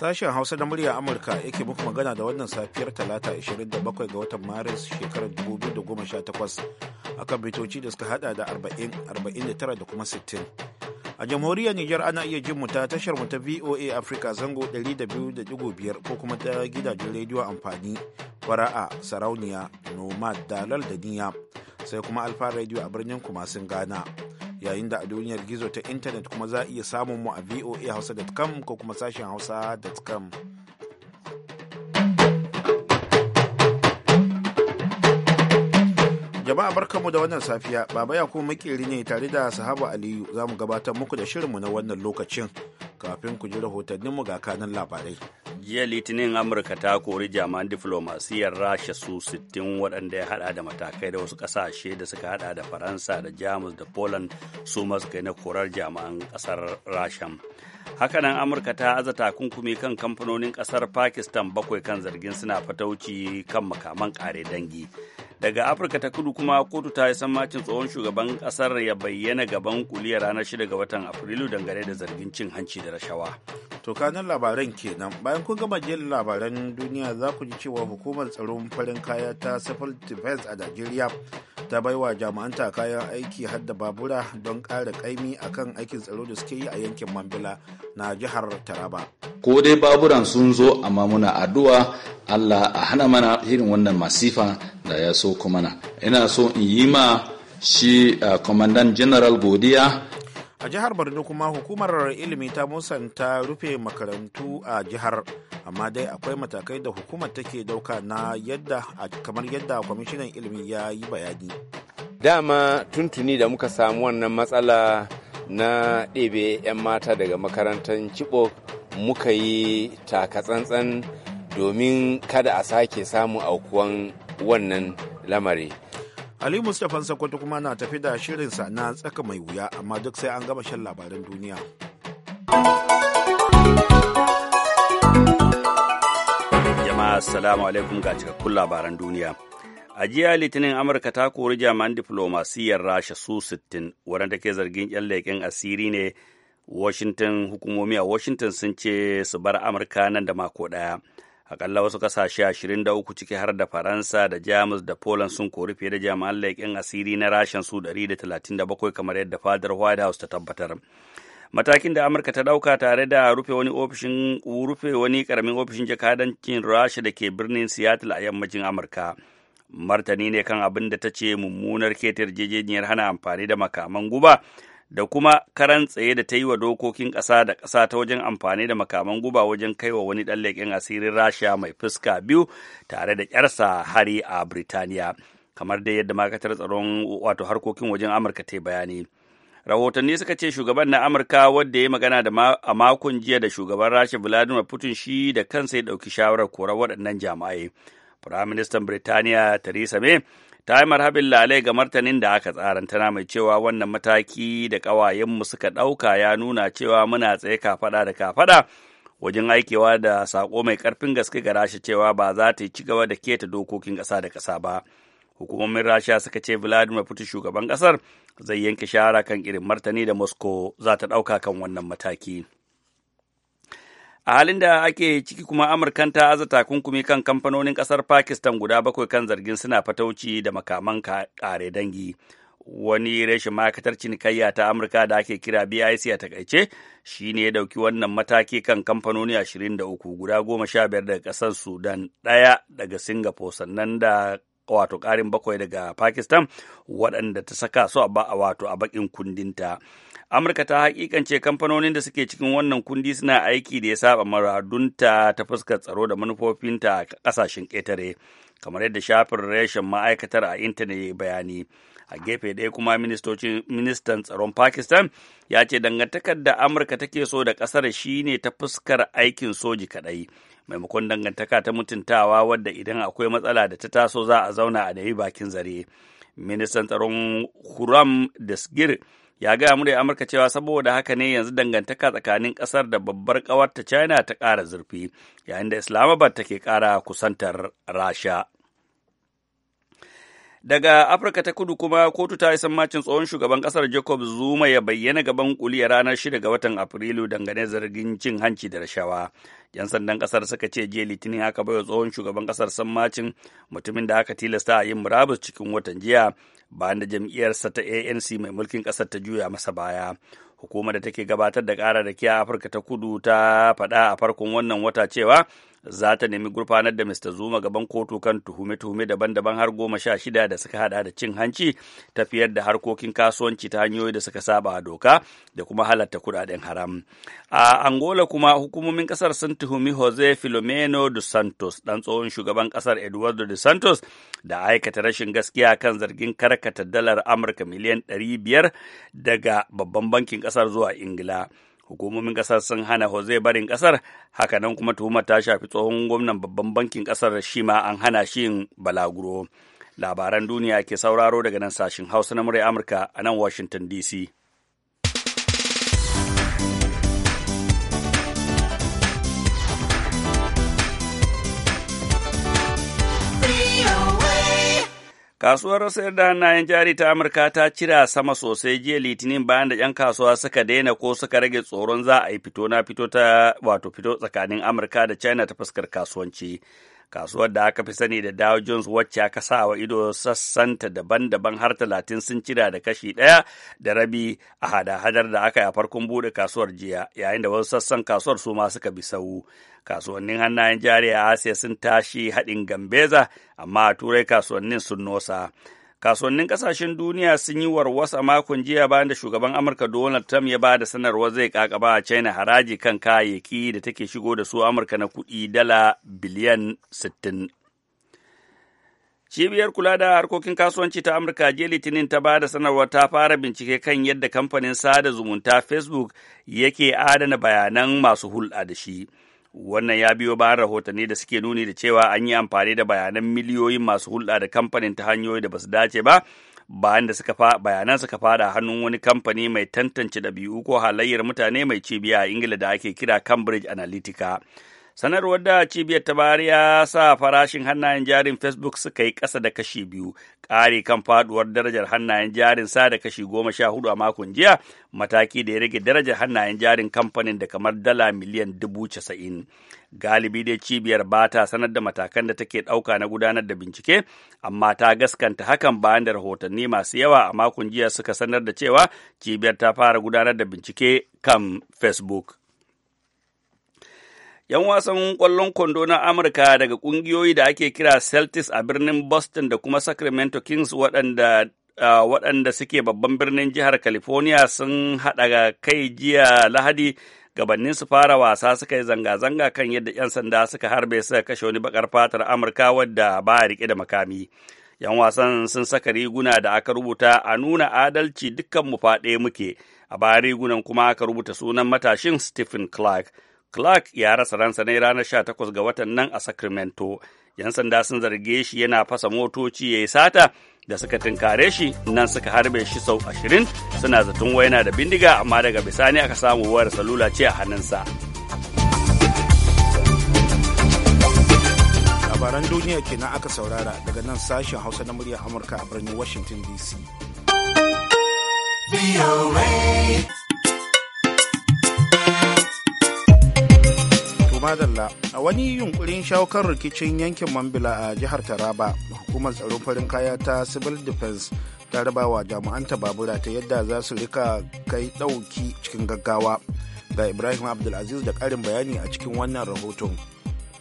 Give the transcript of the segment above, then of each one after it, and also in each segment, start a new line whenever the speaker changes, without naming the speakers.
Sashen Hausa na murya Amurka yake muku magana da wannan safiyar Talata 27 ga watan Maris shekarar 2018 akan bitoci da suka hada da 40, 49 da kuma 60. A jamhuriyar Nijar ana iya jin mu ta tashar mu ta VOA Africa zango 200.5 ko kuma ta gidajen rediyo amfani fara'a sarauniya nomad dalal da niya sai kuma alfa radio a birnin kumasin gana. yayin da a duniyar gizo ta intanet kuma za a iya samun mu a voa hausa.com ko kuma sashen hausa.com Jama'a barkamu da wannan safiya, Baba ya kuma makeri ne tare da Sahabu Aliyu za mu gabatar muku da shirinmu na wannan lokacin kafin ku ji rahotanninmu ga kanan labarai.
Jiya Litinin Amurka ta kori jami'an diflomasiyyar Rasha su 60 waɗanda ya haɗa da matakai da wasu ƙasashe da suka haɗa da Faransa da Jamus da Poland su masu kai na korar jami'an ƙasar Rasha. hakanan amurka ta aza takunkumi kan kamfanonin kasar pakistan bakwai kan zargin suna fatauci kan makaman kare dangi daga afirka ta kudu kuma kotu ta yi sammacin tsohon shugaban kasar ya bayyana gaban kuliya ranar 6 ga watan afrilu dangane da zargin cin hanci da rashawa to kanan
labaran kenan bayan kun gama jin labaran duniya za ku ji cewa hukumar tsaron farin kaya ta civil defense a najeriya ta baiwa jami'anta kayan aiki hadda babura don ƙara ƙaimi a kan aikin tsaro da suke yi a yankin mambila na jihar taraba
ko dai baburan sun zo amma muna addu'a allah a hana mana irin wannan masifa da ya so kuma na ina so in yi ma shi kwamandan eh, general godiya
a jihar borno kuma hukumar ilimi ta musanta rufe makarantu a jihar amma dai akwai matakai da hukumar take dauka na yadda kamar yadda kwamishinan ilimi ya yi bayani
dama tuntuni da muka samu wannan matsala na ɗebe 'yan mata daga makarantar cibo muka yi takatsantsan domin kada a sake samun aukuwan wannan lamari Ali Mustapha
Sokoto kuma na tafi da shirinsa na tsaka mai wuya amma duk sai an gama shan labaran duniya.
Jama'a assalamu alaikum ga cikakkun labaran duniya. A jiya Litinin Amurka ta kori jami'an diflomasiyyar Rasha su 60 wanda ke zargin 'yan leƙen asiri ne Washington hukumomi a Washington sun ce su bar Amurka nan da mako ɗaya. akalla wasu kasashe uku ciki har da faransa da jamus da poland sun kori fiye da jami'an leƙen asiri na rashin su da da talatin bakwai kamar yadda fadar white house ta tabbatar matakin da amurka ta ɗauka tare da rufe wani ofishin rufe wani karamin ofishin jakadancin rasha da ke birnin seattle a yammacin amurka martani ne kan abin da ta ce mummunar ketar jejeniyar hana amfani da makaman guba da kuma karan tsaye da ta yi wa dokokin ƙasa da ƙasa ta wajen amfani da makaman guba wajen kaiwa wani ɗan leƙen asirin rasha mai fuska biyu tare da ƙyarsa hari a birtaniya kamar dai yadda makatar tsaron wato harkokin wajen amurka ta bayani rahotanni suka ce shugaban na amurka wadda ya magana da a makon jiya da shugaban rasha vladimir putin shi da kansa ya ɗauki shawarar korar waɗannan jami'ai firaministan birtaniya theresa may ta yi marhabin lalai ga martanin da aka tsara tana mai cewa wannan mataki da ƙawayenmu suka ɗauka ya nuna cewa muna tsaye kafaɗa da kafaɗa wajen aikewa da sako mai ƙarfin gaske ga rasha cewa ba za ta yi cigaba da keta dokokin ƙasa da ƙasa ba hukumomin rasha suka ce vladimir putin shugaban ƙasar zai yanke shahara kan irin martani da moscow za ta ɗauka kan wannan mataki. a halin da ake ciki kuma amurkan ta aza takunkumi kan kamfanonin kasar pakistan guda bakwai kan zargin suna fatauci da makaman kare dangi wani rashin ma'aikatar cinikayya ta amurka da ake kira bic a takaice shi ne ya dauki wannan mataki kan kamfanoni 23 guda goma sha biyar daga kasar sudan ɗaya daga singapore sannan da wato karin bakwai daga pakistan waɗanda ta saka su a wato a baƙin kundinta. Amurka ta hakikance kamfanonin da suke cikin wannan kundi suna aiki da ya saba maradunta ta fuskar tsaro da manufofinta a kasashen ƙetare, kamar yadda shafin reshen ma'aikatar a intanet ya bayani. a gefe ɗaya kuma ministan tsaron pakistan ya ce dangantakar da amurka take so da ƙasar shine ta fuskar aikin soji kaɗai maimakon dangantaka ta mutuntawa wadda idan akwai matsala da ta taso za a zauna a nemi bakin zare ministan tsaron huram desgir ya gaya mu da amurka cewa saboda haka ne yanzu dangantaka tsakanin kasar da babbar kawarta china ta kara zurfi yayin da islamabad take kara kusantar rasha daga afirka ta kudu kuma kotu ta yi sammacin tsohon shugaban kasar jacob zuma ya bayyana gaban kuli a ranar 6 ga watan afrilu dangane zargin cin hanci da rashawa yan sandan kasar suka ce jiya litinin aka baiwa tsohon shugaban kasar sammacin mutumin da aka tilasta a yin murabus cikin watan jiya bayan da jam'iyyarsa ta anc mai mulkin ƙasar ta juya masa baya hukumar da take gabatar da ƙara da a afirka ta kudu ta faɗa a farkon wannan wata cewa za ta nemi gurfanar da Mr. Zuma gaban kotu kan tuhume-tuhume daban-daban har goma sha shida da suka hada da cin hanci tafiyar da harkokin kasuwanci ta hanyoyi da suka saba a doka da kuma halatta kudaden haram. A Angola kuma hukumomin kasar sun tuhumi Jose Filomeno de Santos ɗan tsohon shugaban kasar Eduardo de Santos da aikata rashin gaskiya kan zargin karkata dalar Amurka miliyan ɗari biyar daga babban bankin kasar zuwa Ingila. hukumomin kasar sun hana Jose barin kasar hakanan kuma tuhumar ta shafi tsohon gwamnan babban bankin kasar shi ma an hana shi yin balaguro labaran duniya ke sauraro daga nan sashin hausa na murai amurka a nan washington dc Kasuwar sayar da hannayen jari ta Amurka ta cira sama sosai jiya Litinin bayan da ‘yan kasuwa suka daina ko suka rage tsoron za a yi fito na fito ta wato fito tsakanin Amurka da China ta fuskar kasuwanci. kasuwar da aka fi sani da Dow Jones wacce aka sa wa ido sassanta daban-daban har talatin sun cira da kashi ɗaya da rabi a hada-hadar da aka yi a farkon buɗe kasuwar jiya yayin da wasu sassan kasuwar su ma suka bi sau kasuwannin hannayen jari a Asiya sun tashi haɗin gambeza amma a turai kasuwannin sun nosa kasuwannin kasashen duniya sun yi warwasa makon jiya bayan da shugaban amurka donald trump ya ba da sanarwar zai kakaba a china haraji kan kayayyaki da take shigo da su amurka na kuɗi dala biliyan 60 Cibiyar kula da harkokin kasuwanci ta Amurka je Litinin ta ba da sanarwar ta fara bincike kan yadda kamfanin sada zumunta Facebook yake adana bayanan masu hulɗa da shi. wannan ya biyo bayan rahotanni da suke nuni da cewa an yi amfani da bayanan miliyoyin masu hulɗa da kamfanin ta hanyoyi da ba su dace ba bayan da suka bayanan suka fada hannun wani kamfani mai tantance ɗabi'u ko halayyar mutane mai cibiya a ingila da ake kira cambridge analytica Sanarwar da cibiyar ta ya sa farashin hannayen jarin Facebook suka yi ƙasa da kashi biyu, ƙari kan faduwar darajar hannayen jarin sa da kashi goma sha hudu a makon jiya, mataki da ya rage darajar hannayen jarin kamfanin da kamar dala miliyan dubu casa'in. Galibi dai cibiyar ba ta sanar da matakan da take ɗauka na gudanar da bincike, amma ta gaskanta hakan bayan da rahotanni masu yawa a makon jiya suka sanar da cewa cibiyar ta fara gudanar da bincike kan Facebook. 'Yan wasan kwallon kwando na Amurka daga ƙungiyoyi da ake kira Celtics a birnin Boston da kuma Sacramento Kings waɗanda Uh, waɗanda suke babban birnin jihar California sun haɗa kai jiya Lahadi gabanin su fara wasa suka yi zanga-zanga kan yadda 'yan sanda suka harbe su kashe wani bakar fatar Amurka wadda ba a riƙe da makami. 'Yan wasan sun saka riguna da aka rubuta a nuna adalci dukkan mu faɗe muke, a bayan rigunan kuma aka rubuta sunan matashin Stephen Clark. Clark ya rasa ransa ne ranar 18 ga watan nan a Sacramento. 'Yan sanda sun zarge shi yana fasa motoci ya yi sata da suka tunkare shi nan suka harbe shi sau 20 suna zaton waina da bindiga amma daga bisani aka samu wayar salula ce a hannunsa.
Labaran duniya kenan aka saurara daga nan sashen Hausa na muryar Amurka a birnin Washington DC. madalla a wani yunkurin shawo kan rikicin yankin mambila a jihar taraba hukumar tsaron farin kaya ta civil defense ta raba wa ta babura ta yadda za su rika kai ɗauki cikin gaggawa ga ibrahim abdulaziz da ƙarin bayani a cikin wannan rahoton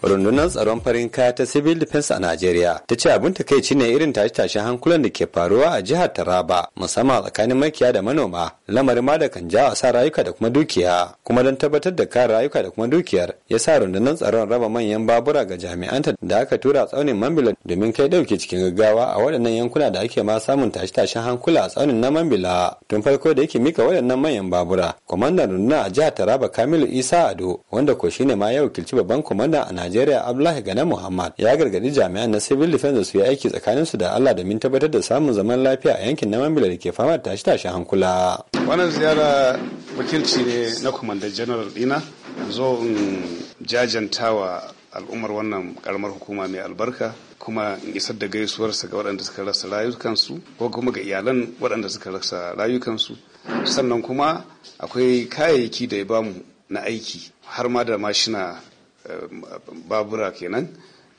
rundunar tsaron farin kaya ta civil defense a najeriya ta ce abin takaici ne irin tashe-tashen hankulan da ke faruwa a jihar taraba musamman a tsakanin makiya da manoma lamarin ma da kan ja a sa rayuka da kuma dukiya kuma don tabbatar da kare rayuka da kuma dukiyar ya sa rundunar tsaron raba manyan babura ga jami'anta da aka tura tsaunin mambila domin kai dauke cikin gaggawa a waɗannan yankuna da ake ma samun tashe-tashen hankula a tsaunin na mambila tun farko da yake mika waɗannan manyan babura kwamandan rundunar a jihar taraba kamilu isa ado wanda ko shine ma ya wakilci babban kwamandan a Najeriya Abdullahi Gane Muhammad ya gargadi jami'an na civil defense su yi aiki tsakanin su da Allah da domin tabbatar da samun zaman lafiya a yankin Naman Mambila da ke fama da tashi tashi hankula.
Wannan ziyara wakilci ne na Commander General dina zo in jajantawa al'ummar wannan karamar hukuma mai albarka kuma in isar da gaisuwarsa ga waɗanda suka rasa rayukansu ko kuma ga iyalan waɗanda suka rasa rayukansu sannan kuma akwai kayayyaki da ya bamu na aiki har ma da mashina babura kenan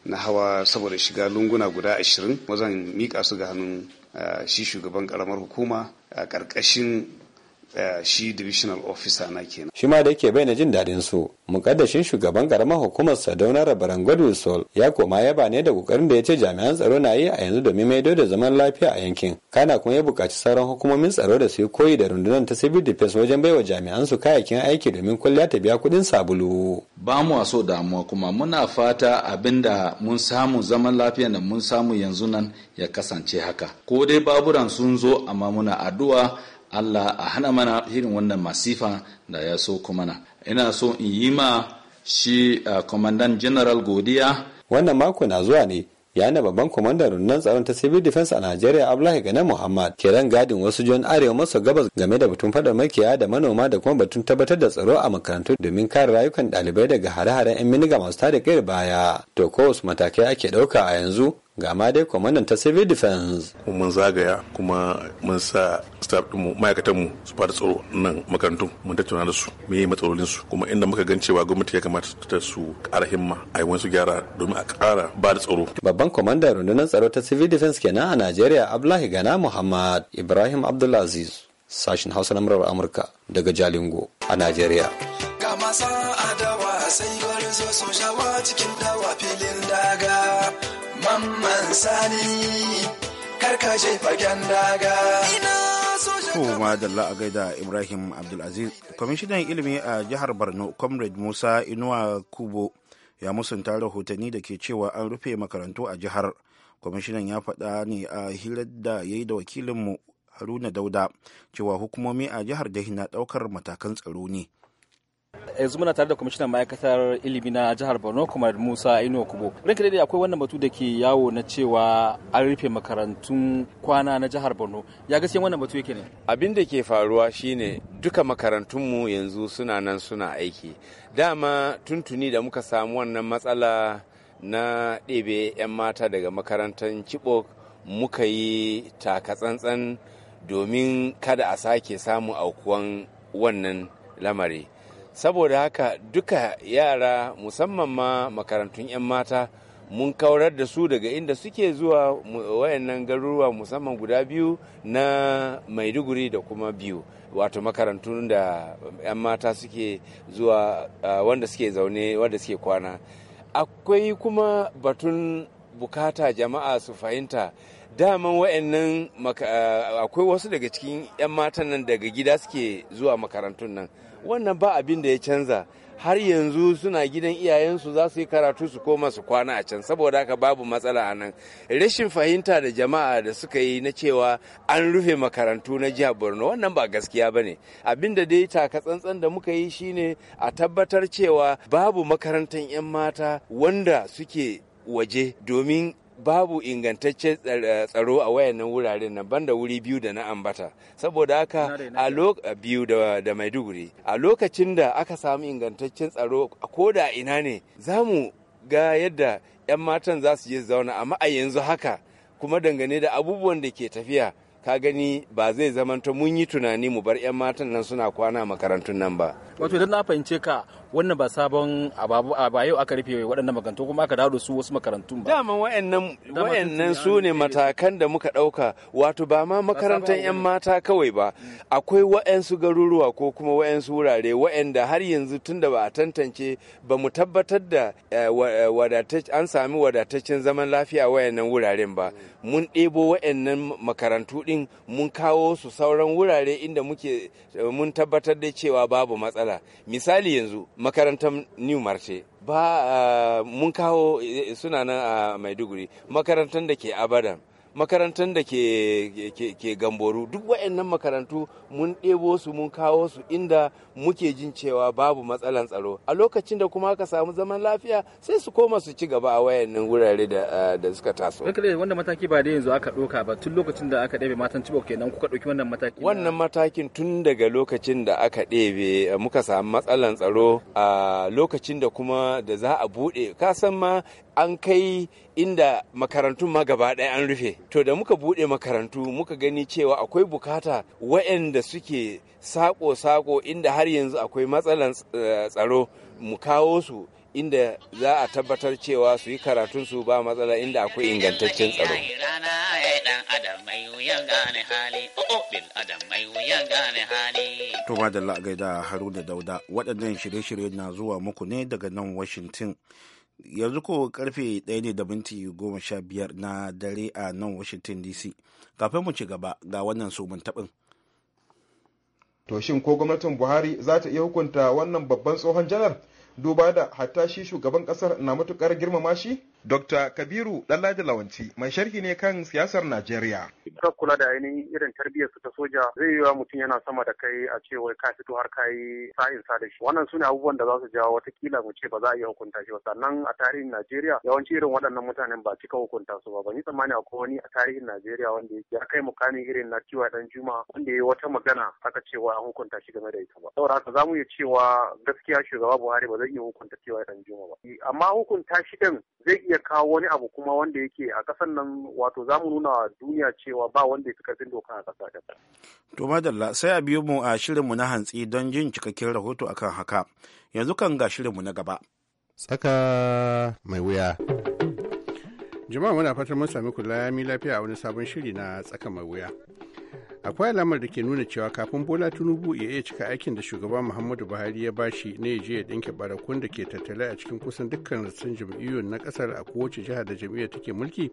na hawa saboda shiga lunguna guda ashirin wazan mika su ga hannun ah, shi shugaban karamar hukuma a ƙarƙashin Eh, shi divisional officer na kenan.
Shi da yake na jin daɗin su, mukaddashin shugaban karamar hukumar Sadauna Rabaran Godwin Sol ya koma yaba ne da kokarin da ya ce jami'an tsaro na yi a yanzu domin maido da zaman lafiya a yankin. Kana kuma ya buƙaci sauran hukumomin tsaro da su yi koyi da rundunar ta civil defense wajen baiwa jami'an su kayayyakin aiki domin kulliya ta biya kuɗin sabulu. Ba mu so damuwa kuma muna fata abinda mun
samu zaman lafiya da mun samu yanzu nan ya kasance haka. Ko dai baburan sun zo amma muna addu'a Allah a hana mana irin wannan masifa da ya so na.
ina so in yi ma shi kwamandan general godiya wannan mako na zuwa ne ya na babban kwamandan rundunar tsaron ta civil defense a Najeriya Abdullahi Gane Muhammad ran gadin wasu juwan arewa maso gabas game da batun fadar makiya da manoma da kuma batun tabbatar da tsaro a makarantu domin kare rayukan ɗalibai daga hare-haren 'yan miniga masu tada kai baya to ko wasu matakai ake ɗauka a yanzu ga ma dai kwamandan ta civil defense mun zagaya kuma mun sa staff mu ma'aikatan mu su fara tsaro nan makarantun mun tattauna da su me matsalolin
su kuma inda muka gan cewa gwamnati ya kamata ta su ƙara himma a yi wasu gyara domin a ƙara
ba da tsaro babban kwamandan rundunar tsaro ta civil defense kenan a Najeriya Abdullahi Gana Muhammad Ibrahim Abdulaziz sashin Hausa na murar Amurka daga Jalingo a Najeriya
kama sa adawa sai gwarzo sun shawa cikin dawa filin daga Mamman Sani karka fagen daga.
To madalla a gaida Ibrahim Abdulaziz, kwamishinan ilimi a jihar Borno, Comrade Musa Inuwa Kubo ya musanta rahotanni da ke cewa an rufe makarantu a jihar. Kwamishinan ya faɗa ne a hirar da ya yi da wakilinmu Haruna Dauda cewa hukumomi a jihar da na ɗaukar matakan tsaro ne.
yanzu muna tare da kwamishinan ma'aikatar ilimi na jihar borno kuma musa inuwa kubo ranka daidai akwai wannan batu da ke yawo na cewa an rufe makarantun kwana na jihar borno ya gaskiya wannan batu yake ne
abin da ke faruwa shine duka makarantunmu yanzu suna nan suna aiki dama tuntuni da muka samu wannan matsala na ɗebe 'yan mata daga makarantar chibok muka yi takatsantsan domin kada a sake samu aukuwan wannan lamari saboda haka duka yara musamman ma makarantun 'yan mata mun kaurar da su daga inda suke zuwa wayannan garuruwa musamman guda biyu na maiduguri da kuma biyu wato makarantun da 'yan mata suke zuwa wanda suke zaune wanda suke kwana akwai kuma batun bukata jama'a su fahimta daman wa'annan akwai wasu daga cikin 'yan matan nan daga gida suke zuwa makarantun nan wannan ba abin da ya canza har yanzu suna gidan iyayensu za su yi karatu su koma su kwana a can saboda haka babu matsala a nan rashin fahimta da jama'a da suka yi na cewa an rufe makarantu na jihar borno wannan ba gaskiya ba ne abin da dai taka tsantsan da muka yi shine a tabbatar cewa babu makarantar 'yan mata wanda suke waje domin babu ingantaccen eh, tsaro a wayannan wuraren nan banda wuri biyu da na ambata saboda haka a biyu da maiduguri a lokacin da aka samu ingantaccen tsaro ko da ina ne za mu ga yadda 'yan matan za su je zauna amma a yanzu haka kuma dangane da abubuwan da ke tafiya ka gani ba zai zamanta mun yi tunani mu bar 'yan matan nan suna kwana makarantun nan ba.
Wato idan na fahimce ka wannan ba sabon ba yau aka rufe waɗannan makarantu kuma aka dawo su wasu makarantun ba.
Daman wa'annan su ne matakan da muka ɗauka wato ba ma makarantar 'yan mata kawai ba akwai wa'ansu garuruwa ko kuma wa'ansu wurare wa'anda har yanzu tun da ba a tantance ba mu tabbatar da eh, eh, an sami wadataccen zaman lafiya wa'annan wuraren ba mun ɗebo wa'annan makarantu din mun kawo su sauran wurare inda muke eh, mun tabbatar da cewa babu matsala misali yanzu makarantar new marche ba eh, mun kawo eh, suna nan a maiduguri makarantar da ke abadan makarantar da ke, gamboru duk waɗannan makarantu mun ɗebo su mun kawo su inda muke jin cewa babu matsalan tsaro a lokacin da kuma aka samu zaman lafiya sai su koma su ci gaba a wayannan wurare da, suka taso
wanda mataki ba da yanzu aka ɗoka ba tun lokacin da aka ɗebe matan cibok kenan kuka ɗauki wannan mataki
wannan matakin tun daga lokacin da aka ɗebe eh, muka samu matsalan tsaro a lokacin da kuma da za a buɗe ka san ma an kai inda makarantun ma gaba ɗaya an rufe to da muka buɗe makarantu muka gani cewa akwai bukata waɗanda suke sako-sako inda har yanzu akwai matsalan eh, tsaro mu kawo su inda za a tabbatar cewa su yi karatunsu ba matsala inda akwai ingantaccen tsaro.
To la'agai da haru da Dauda waɗannan shirye-shirye na zuwa muku ne daga nan Washington. yanzu ko karfe ɗaya ne da minti goma sha biyar na dare a nan washington dc kafin mu ci gaba ga wannan
somin taɓin to shin ko gwamnatin buhari za ta iya hukunta wannan babban tsohon janar duba da hatta shi shugaban kasar na matukar girmama shi Dr. Kabiru Ɗanladi Lawanci mai sharhi ne kan siyasar Najeriya.
Ka kula da ainihin irin tarbiyyar su ta soja zai yiwa mutum yana sama da kai a ce wai ka fito har ka yi sa'in sa da shi. Wannan su ne abubuwan da za su jawo watakila mu ce ba za a iya hukunta shi ba. Sannan a tarihin Najeriya yawanci irin waɗannan mutanen ba cika hukunta su ba. Ban yi tsammani akwai wani a tarihin Najeriya wanda ya kai mukamin irin na kiwa dan juma wanda ya yi wata magana aka cewa an hukunta shi game da ita ba. Saboda haka za mu iya cewa gaskiya shugaba Buhari ba zai iya hukunta kiwa dan juma ba. Amma hukunta shi ɗin zai iya kawo wani abu kuma wanda yake a ƙasar nan wato za mu nuna duniya cewa ba wanda ya fi ƙarfin doka a ƙasa da
To madalla sai a biyo mu a shirinmu na hantsi don jin cikakken rahoto akan haka.
Yanzu kan ga shirinmu na gaba. Tsaka mai wuya. Jama'a muna fatan mun sami kula ya mi lafiya a wani sabon shiri na tsaka mai wuya. akwai alamar da ke nuna cewa kafin bola tinubu ya iya cika aikin da shugaba muhammadu buhari ya bashi na je ya dinke barakun da ke tattalai a cikin kusan dukkan rassan jam'iyyun na kasar a kowace jiha da jam'iyyar ke mulki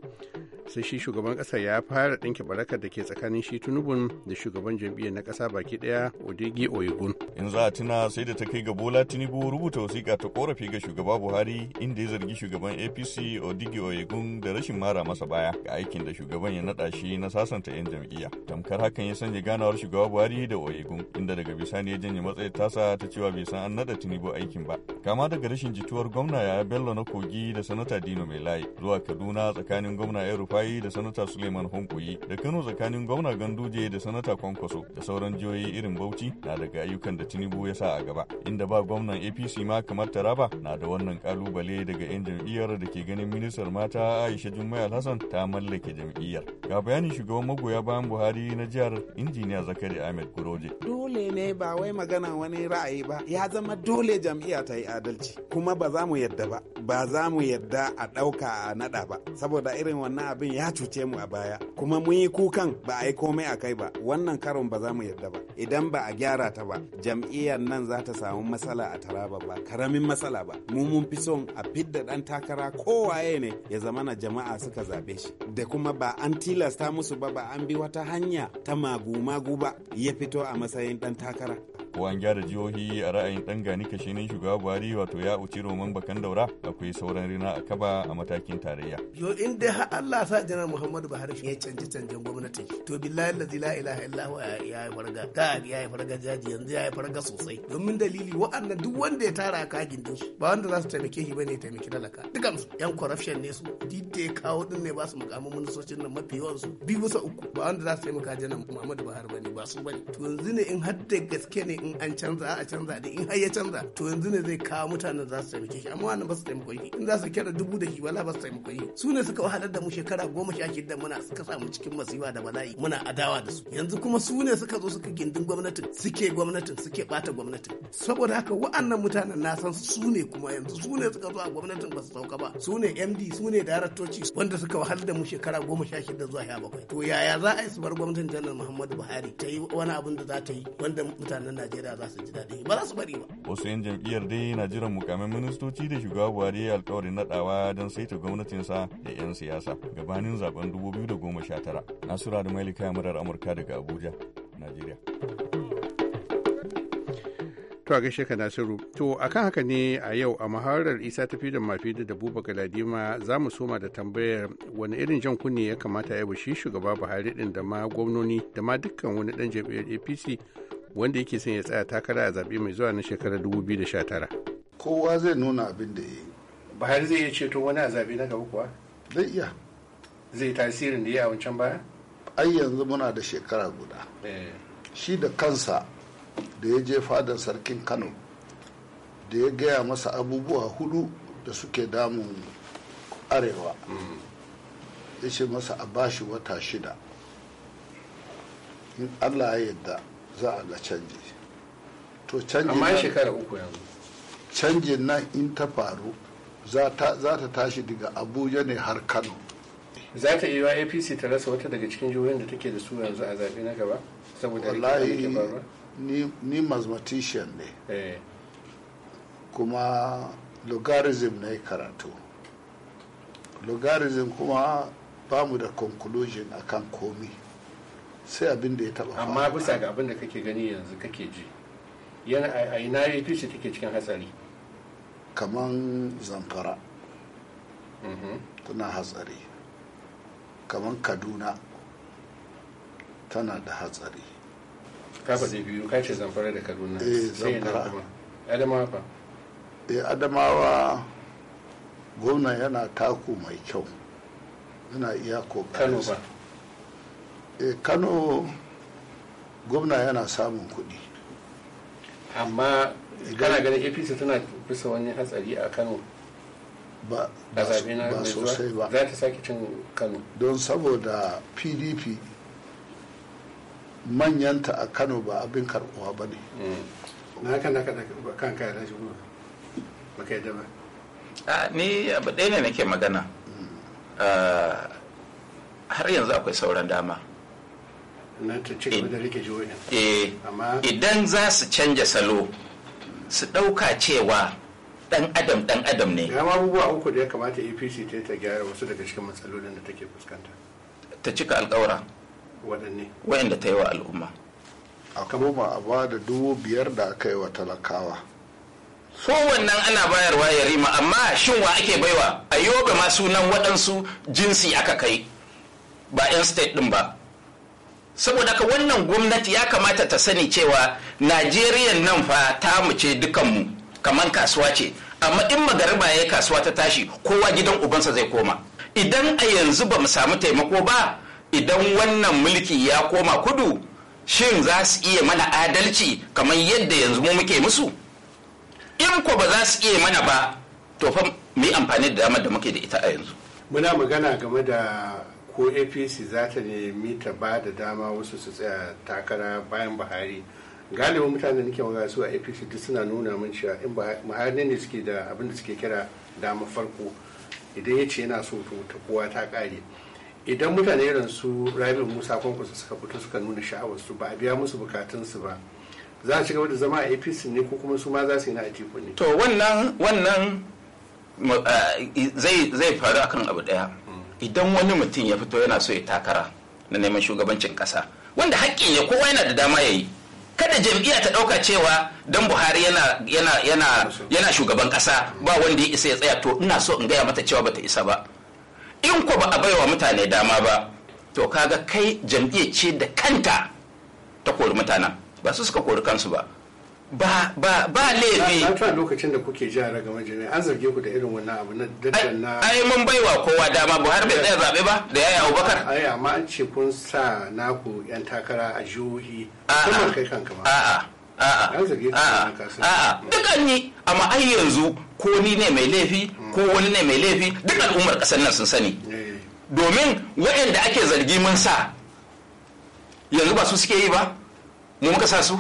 sai shi shugaban ƙasar ya fara dinke barakar da ke tsakanin shi tunubun
da shugaban jam'iyyar na kasa baki daya odigi oyegun in za a tuna sai da ta kai ga bola tinubu rubuta wasiƙa ta korafi ga shugaba buhari inda ya zargi shugaban apc odigi oyegun da rashin mara masa baya ga aikin da shugaban ya naɗa shi na sasanta 'yan jam'iyya tamkar haka hakan ya sanya ganawar shugaba buhari da oyegun inda daga bisani ya janye matsayin tasa ta cewa bai san an nada tinubu aikin ba kama daga rashin jituwar gwamna ya bello na kogi da sanata dino mai layi zuwa kaduna tsakanin gwamna ya rufayi da sanata suleiman hunkuyi da kano tsakanin gwamna ganduje da sanata kwankwaso da sauran jihohi irin bauchi na daga ayyukan da tinubu ya sa a gaba inda ba gwamnan apc ma kamar taraba na da wannan kalubale daga 'yan jam'iyyar da ke ganin ministar mata aisha jummai alhassan ta mallake jam'iyyar ga bayanin shugaban magoya bayan buhari na jiya. jihar injiniya zakari ahmed guroje
dole ne ba wai magana wani ra'ayi ba ya zama dole jam'iyya ta yi adalci kuma ba za mu yadda ba ba za mu yadda a ɗauka a naɗa ba saboda irin wannan abin ya cuce mu a baya kuma mun yi kukan ba a yi komai a kai ba wannan karon ba za mu yadda ba idan ba a gyara ta ba jam'iyyar nan za ta samu matsala a taraba ba karamin matsala ba mu mun fi son a fidda ɗan takara kowaye ne ya zamana jama'a suka zaɓe shi da kuma ba an tilasta musu ba ba an bi wata hanya ta magu-magu ba ya fito a matsayin ɗan takara
kowa an gyara jihohi a ra'ayin dan gani kashenin shugaba buhari wato ya uci roman bakan daura akwai sauran rina a kaba a matakin tarayya
yo in dai har Allah sa janar muhammadu buhari ya canji canjen gwamnati to billahi allazi la ilaha ya yi farga ta ya farga jaji yanzu ya yi farga sosai domin dalili wa'annan duk wanda ya tara ka gindin su ba wanda za su taimake shi bane ya taimaki talaka dukan su yan corruption ne su didda ya kawo din ne ba su mukamin ministocin nan mafi yawan su bi bisa uku ba wanda za su taimaka janar muhammadu buhari bane ba su bane to yanzu ne in har da gaske ne in an canza a canza da in har ya canza to yanzu ne zai kawo mutanen za su taimake shi amma wannan ba su taimako shi in za su kira dubu da shi wala ba su taimako shi su ne suka wahalar da mu shekara goma sha shida muna suka samu cikin masifa da bala'i muna adawa da su yanzu kuma su ne suka zo suka gindin gwamnatin suke gwamnatin suke bata gwamnatin saboda haka wa'annan mutanen na san su ne kuma yanzu su ne suka zo a gwamnatin ba su sauka ba su ne md su ne daraktoci wanda suka wahalar da mu shekara goma sha shida zuwa sha bakwai to yaya za a yi su bar gwamnatin janar muhammadu buhari ta yi wani abin da za ta yi wanda mutanen na najeriya za su ji daɗi ba za su bari ba
wasu 'yan jam'iyyar dai na jiran mukamin ministoci da shugaba buhari ya alkawarin naɗawa don saita gwamnatinsa da 'yan siyasa gabanin zaben 2019 nasura da mailika murar amurka daga abuja najeriya
To a gaishe ka Nasiru. To a kan haka ne a yau a maharar Isa fi da mafi da Buba Galadima za mu soma da tambayar wani irin jan kunne ya kamata ya bashi shugaba Buhari din da ma gwamnoni da ma dukkan wani dan jam'iyyar APC wanda yake son ya tsaya takara a zaɓe mai zuwa na shekarar 2019
kowa zai nuna abin da yi bahar zai iya ceto wani a zaɓe na gaba kuwa zai iya zai tasirin da ya a wancan baya ai yanzu muna da shekara guda eh. shi da kansa da ya je fadar sarkin kano da ya gaya masa abubuwa hudu da suke damun arewa ya ce masa a bashi wata shida in allah ya yadda za a ga canji to canji amma shekara uku yanzu canjin nan in ta faru za ta tashi daga abuja ne har kano
za ta yi wa apc ta rasa wata daga cikin jihohin da take da su yanzu a zaɓe na gaba
saboda wallahi ni mathematician ne eh. kuma logarithm na yi karatu logarithm kuma ba mu da conclusion akan komi sai abin da ya taba amma bisa
ga abin da kake gani yanzu kake ji yana a ina ya tushe take cikin hatsari
kaman zamfara mm-hmm. tana hatsari kaman kaduna tana da hatsari Kafa faɗi biyu ka ce zamfara da kaduna eh zamfara adamawa fa eh adamawa gwamna yana taku mai kyau yana iya kokarin Eh, kano gwamna yana samun kuɗi amma kana ganin apc tana fisa wani hatsari a kano ba sosai ba za ta sake cin kano don saboda pdp manyanta a kano ba abin karbuwa ba ne mm. na kan na kan kaya na shigo ba kai da ba
a ni abu ɗaya ne nake magana mm. ah, har yanzu akwai sauran dama Eh, idan za su canja salo su ɗauka cewa dan adam dan adam ne ya
abubuwa uku da ya kamata apc ta ta gyara wasu daga cikin matsalolin da take fuskanta ta cika alkawara waɗanne wayanda ta
yi wa al'umma a kama ba a ba da dubu biyar da aka yi wa talakawa
so wannan ana bayarwa ya rima amma shin wa ake baiwa a yobe ma sunan waɗansu jinsi aka kai ba 'yan state ɗin ba saboda ka wannan gwamnati ya kamata ta sani cewa najeriya nan fa ta mu dukanmu kamar kasuwa ce amma in magariba ya kasuwa ta tashi kowa gidan ubansa zai koma idan a yanzu ba mu samu taimako ba idan wannan mulki ya koma kudu shin za su iya mana adalci kamar yadda yanzu mu muke musu in ko ba za su iya mana ba to fa mu amfani da damar da muke da ita a yanzu muna
magana game da ko apc za ta nemi ta ba da dama wasu su tsaya takara bayan buhari galibin mutane nake magana su a apc duk suna nuna min cewa in buhari ne ne suke da abin da suke kira dama farko idan ya ce yana so to ta kowa ta kare idan mutane irin su rabin musa su suka fito suka nuna sha'awar su ba a biya musu bukatunsu ba za a ci gaba da zama a apc ne ko kuma su ma za su yi na a ne
to wannan wannan eh, zai faru akan abu daya idan wani mutum ya fito yana so ya takara na neman shugabancin kasa wanda haƙƙi ne kowa yana da dama ya yi kada jam'iyya ta ɗauka cewa dan buhari yana shugaban ƙasa ba wanda ya isa ya tsaya to ina so in gaya mata cewa bata isa ba in ko ba a baiwa mutane dama ba to kaga kai jam'iyya ce da kanta ta kori mutanen ba su suka kori kansu ba ba ba ba laifi na
lokacin da kuke ji a ragamar an zarge ku da irin wannan abu na daddana a ai mun baiwa kowa dama
buhari bai tsaya zabe ba da yaya abubakar ai amma
an ce kun sa naku yan takara a
jihohi kuma kai kanka ba a'a a'a a'a a'a dukkan yi amma ai yanzu
ko ni ne mai laifi ko wani ne mai laifi duk al'ummar
kasar nan sun sani eh. domin waɗanda ake zargi mun sa yanzu ba su suke yi
ba mu muka sa su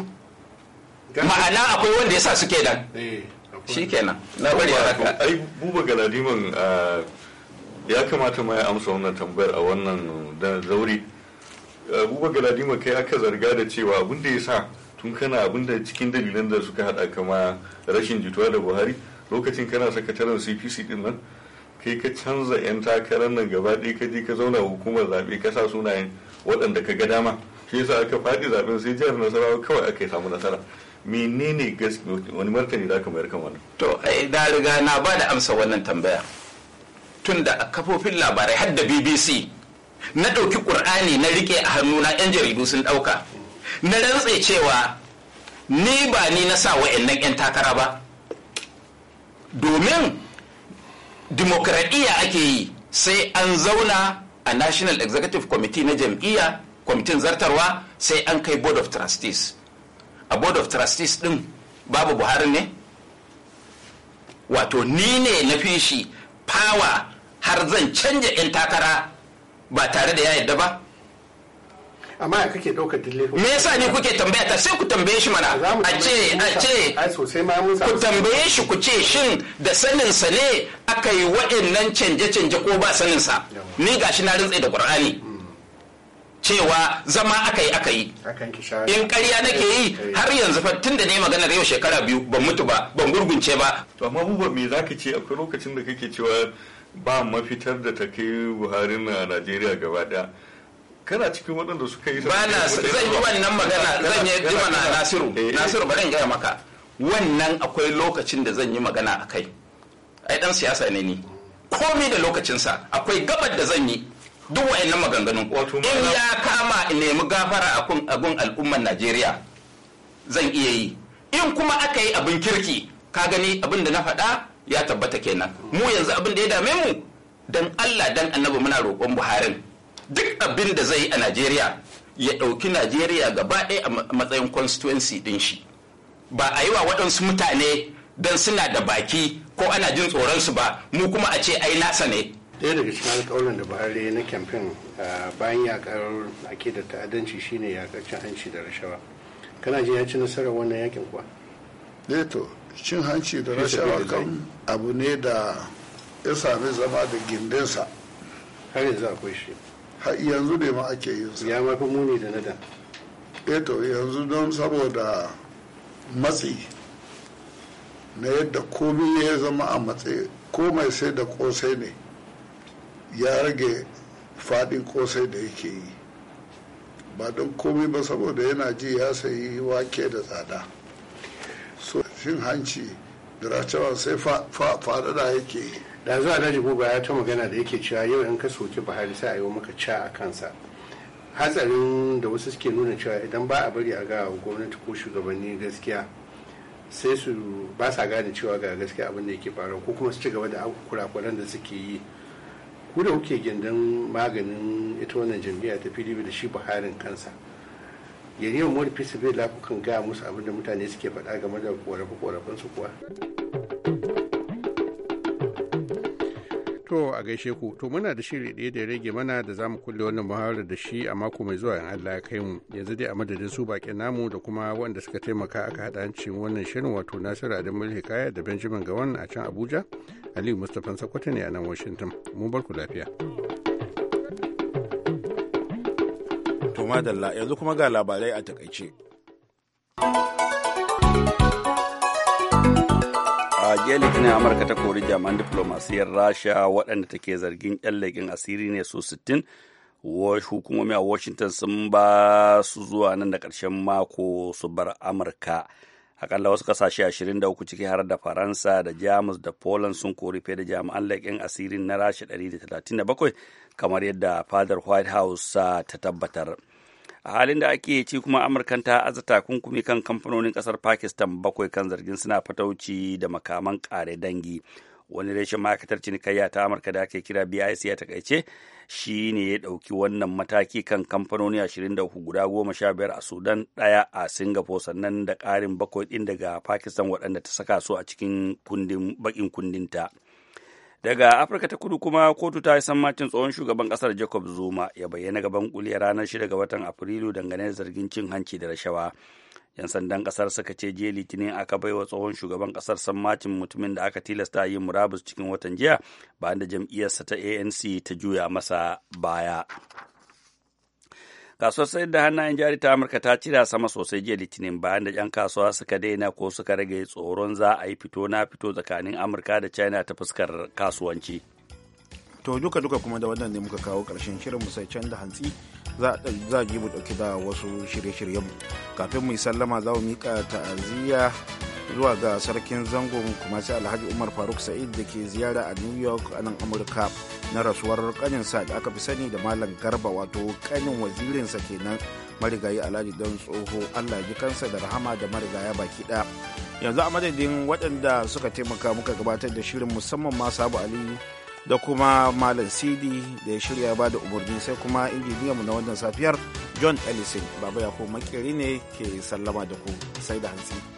ma'ana akwai wanda ya sa suke nan eh, shi kenan na bari ya raka ai buba galadiman ah, ya kamata ma ya amsa wannan tambayar a wannan da zauri buba ah, galadima kai aka zarga da cewa abin da ya sa tun kana abin da cikin dalilan da suka hada kama rashin jituwa da buhari lokacin kana sakataren cpc din nan kai ka canza 'yan takarar nan gaba ɗaya ka je ka zauna hukumar zaɓe ka sa sunayen waɗanda ka ga dama shi yasa aka faɗi zaɓen sai jihar nasarawa kawai aka yi samu nasara menene wani martani da ka mayar kamar to ai da riga na ba da amsa wannan tambaya
tun da kafofin labarai har da BBC na ɗauki ƙur'ani na rike a hannuna 'yan jaridu sun ɗauka na rantse cewa ni ba ni na sa wa'annan 'yan takara ba domin dimokuraɗiyya ake yi sai an zauna a national executive committee na jam'iyya kwamitin zartarwa sai an kai board of trustees a board of trustees din babu buhari ne wato ni ne na fi shi fawa har zan canja 'yan takara ba tare da ya yadda ba
amma ya kake ɗaukar dillai me yasa ni kuke tambaya ta sai ku tambaye shi mana a ce a
ce ku tambaye shi ku ce shin da sanin sa ne aka yi waɗannan canje-canje ko ba sanin sa ni gashi na rintse da qur'ani cewa zama aka yi aka yi
in ƙarya nake yi eh, eh. har yanzu fa tunda da ne maganar yau shekara biyu ban mutu ba ban gurgunce ba to amma buba me zaka ce akwai lokacin da kake cewa ba mafitar da ta kai buhari na najeriya gaba daya kana cikin waɗanda suka yi ba na zan yi wannan magana zan yi jimana nasiru eh, nasiru bari in gaya maka wannan akwai lokacin
da zan yi magana a kai ai dan siyasa ne ni komai da lokacinsa akwai gabar da zan yi duk wa'annan maganganun in ya kama nemi gafara a gun al'ummar najeriya zan iya yi in kuma aka yi abin kirki ka gani abin da na faɗa ya tabbata kenan mu yanzu abin da ya dame mu dan allah dan annabi muna roƙon buharin duk abin da zai yi a najeriya ya ɗauki najeriya gaba ɗaya a matsayin constituency ɗin shi ba a yi wa waɗansu mutane don suna da baki ko ana jin tsoron su ba mu kuma a ce ai nasa ne Daya daga cikin alƙawarin
da buhari na kamfen ah, bayan yakar ake da ta'addanci shine yakar cin hanci da rashawa kana ji ya ci nasarar wannan yakin kuwa eh
to cin
hanci da rashawa kan
abu ne da ya sami zama da gindinsa har yanzu akwai shi har yanzu ne ma ake yin sa ya mafi muni da nada eh to yanzu don saboda matsi na yadda komai ya zama a matsayi komai sai da kosai ne ya rage faɗin kosai da yake yi ba don komai ba saboda yana ji ya sayi wake da tsada so shin hanci da sai faɗaɗa yake yi da zuwa daji ba ya ta magana da yake cewa yau in ka
soki buhari sai a yi maka ca a kansa hatsarin da wasu suke nuna cewa idan ba a bari a ga gwamnati ko shugabanni gaskiya sai su ba sa gane cewa ga gaskiya abin da yake faruwa ko kuma su ci gaba da kurakuran da suke yi kuda kuke gindin maganin ita wannan jam'iyya ta pdp da shi buharin kansa yari yawan wani fisa bai lafukan gaya musu abin da mutane suke faɗa game da korafe-korafen su kuwa To a gaishe ku, to muna da shiri ɗaya da rage mana da za mu kulle wannan muhawarar da shi a mako mai zuwa in Allah ya kai mu. Yanzu dai a madadin su bakin namu da kuma wanda suka taimaka aka haɗa hancin wannan shirin wato Nasiru Adamu Hikaya da Benjamin Gawan a can Abuja, Aliyu Mustapha Sakwata ne a nan Washington. Mun bar ku lafiya. To madalla yanzu kuma ga labarai a
takaice. a jiya litinin amurka ta kori jaman diflomasiyyar rasha waɗanda take zargin ƙyallegin asiri ne su sittin hukumomi a washington sun ba su zuwa nan da ƙarshen mako su bar amurka akalla wasu kasashe 23 ciki har da faransa da jamus da poland sun kori fiye da jami'an laƙin asirin na rasha 137 kamar yadda fadar white house uh, ta tabbatar a halin da ake ci kuma amurkan ta aza takunkumi kan kamfanonin kasar pakistan bakwai kan zargin suna fatauci da makaman kare dangi wani rashin ma'aikatar cinikayya ta amurka da ake kira BIC ya takaice shi ne ya ɗauki wannan mataki kan kamfanoni 23 guda goma sha biyar a sudan ɗaya a singapore sannan da ƙarin bakwai ɗin daga pakistan waɗanda ta saka su a cikin kundin baƙin kundinta. daga afirka ta kudu kuma kotu ta yi sammacin tsohon shugaban kasar jacob zuma ya bayyana gaban kuliya ranar 6 ga watan afrilu dangane da zargin cin hanci da rashawa yan sandan kasar suka ce jiya litinin aka baiwa tsohon shugaban kasar sammacin mutumin da aka tilasta yin murabus cikin watan jiya bayan da jam'iyyarsa ta anc ta juya masa baya kasuwar sayar da hannayen jari ta amurka ta cira sama sosai jiya litinin bayan da yan kasuwa suka daina ko suka rage tsoron za a yi fito na fito tsakanin amurka da china ta fuskar kasuwanci
to duka duka kuma da wannan ne muka kawo karshen shirin mu sai can da hantsi za a ji mu dauki da wasu shirye-shiryen mu kafin mu yi sallama za mu mika ta'aziyya zuwa ga sarkin zangon kuma kumasi alhaji umar faruk sa'id da ke ziyara a new york a nan amurka na rasuwar kanin sa da aka fi sani da malam garba wato kanin wazirinsa kenan marigayi alhaji don tsoho allah ji kansa da rahama da marigaya baki ɗaya yanzu a madadin waɗanda suka taimaka muka gabatar da shirin musamman ma sabu aliyu da kuma malam sidi da ya shirya ba da umarni sai kuma injiniyanmu na wannan safiyar john ellison baba yakubu makeri ne ke sallama da ku sai da hantsi.